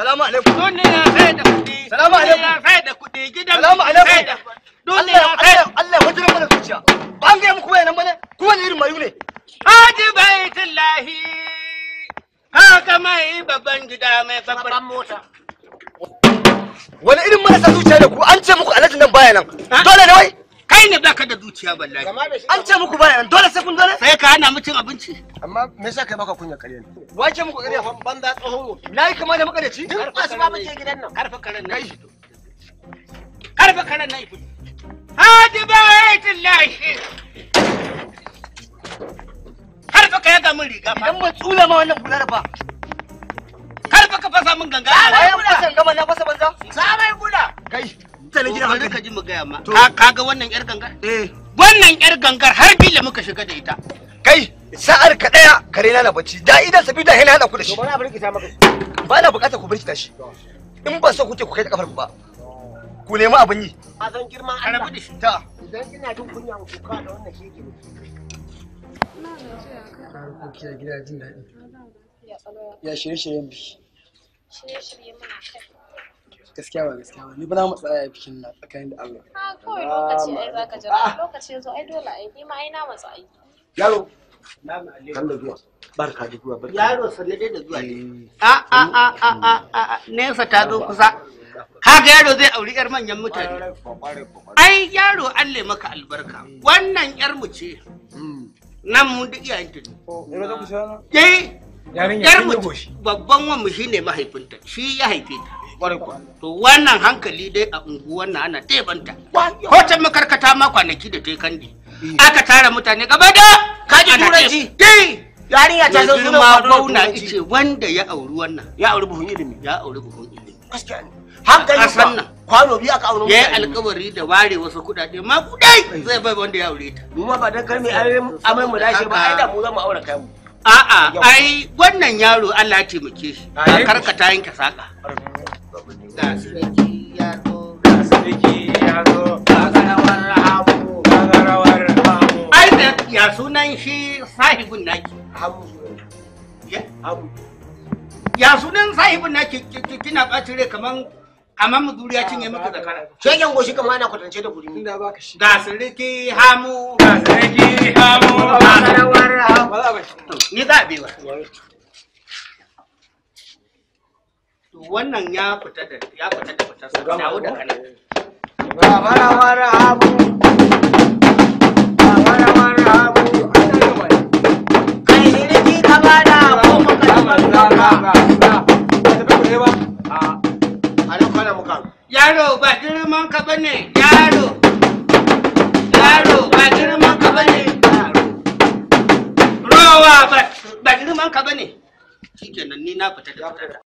Salamu alaikum. Duniya sai da kudi Salamu alaikum. sai da Gidan Duniya sai da Allah wani irin mayu ne? Wani irin marasa zuciya da ku an ce muku alhaji nan baya nan. Dole ne wai? baka da zuciya an ce muku bayan dole sai kun dole sai ka hana mu cin abinci amma me yasa kai baka kunya ne wace muku ƙarya fa banza tsohon wo nayi da muka da ci har asu ba muke gidan nan karfa karen nan karfa karen nan hadi ka yaga riga fa tsula ma wannan bular ba ka fasa ganga ai mun fasa gama na fasa banza ji mu gaya ma ka ga wannan yar gangar eh. wannan yar gangar har bila muka shiga da ita kai sa'ar ka daya kare na bacci da idan sabi da hina hada ku da shi ba na bukata ku birkita shi in ba so ku ce ku kai ta kafar ku ba ku nemi abin yi a san girman Allah da shi ta idan kina jin kunya ku ka da wannan shege ne ya shirye-shiryen bi shirye shiryen mana kai gaskiya ba gaskiya ba ni ba na mu tsaya bikin na tsakanin da Allah ha kawai lokaci ai zaka jira ah! lokaci zo ai dole ai ni ma ai na matsa ai yaro na mu alaikum barka da zuwa barka yaro sanne dai da zuwa a a a a a nesa ta zo kusa kaga yaro zai auri yar manyan mutane ai yaro Allah maka albarka wannan yar mu ce hmm. nan mun da iyayen ta ne oh, eh yar mutum babban wanmu ne mahaifinta shi ya haife ta to wannan hankali dai a unguwan na ana ɗebanta hoton makarkata ma kwanaki da ta kandi eh. aka tara mutane gaba da kaji ji dai yarinya ta zo zuwa gwauna ice wanda ya auri wannan ya auri buhun ilimi ya auri buhun ilimi ne hankali ba kwano biyu aka auri ya alkawari da ware wasu kudade ma kudai zai bai wanda ya aure ta mu ma ba dan karmi amai mu dace ba ai da mu zama aure kai mu A'a, ai wannan yaro Allah ya taimake shi. karkata yanke saka. ya sunan shi sahibin naki. Ya? sunan sahibin naki kina ɓacin rai kamar amma mu duriya cinye maka ke yan goshi kamar ana kwatance da gurin da baka shi ga hamu ga hamu hamu ni za a bewa wannan ya fita da ya fita da fita sa dawo da kana ga hamu kai ko kwana muka yaro ba girman ka bane yaro yaro ba girman ka bane rowa ba girman ka bane shikenan ni na fita da fita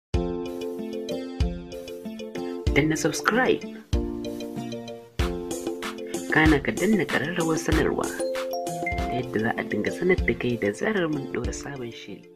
danna subscribe kana ka danna kararrawar sanarwa ta yadda za a dinga sanar da kai da zarar mun ɗora sabon shiri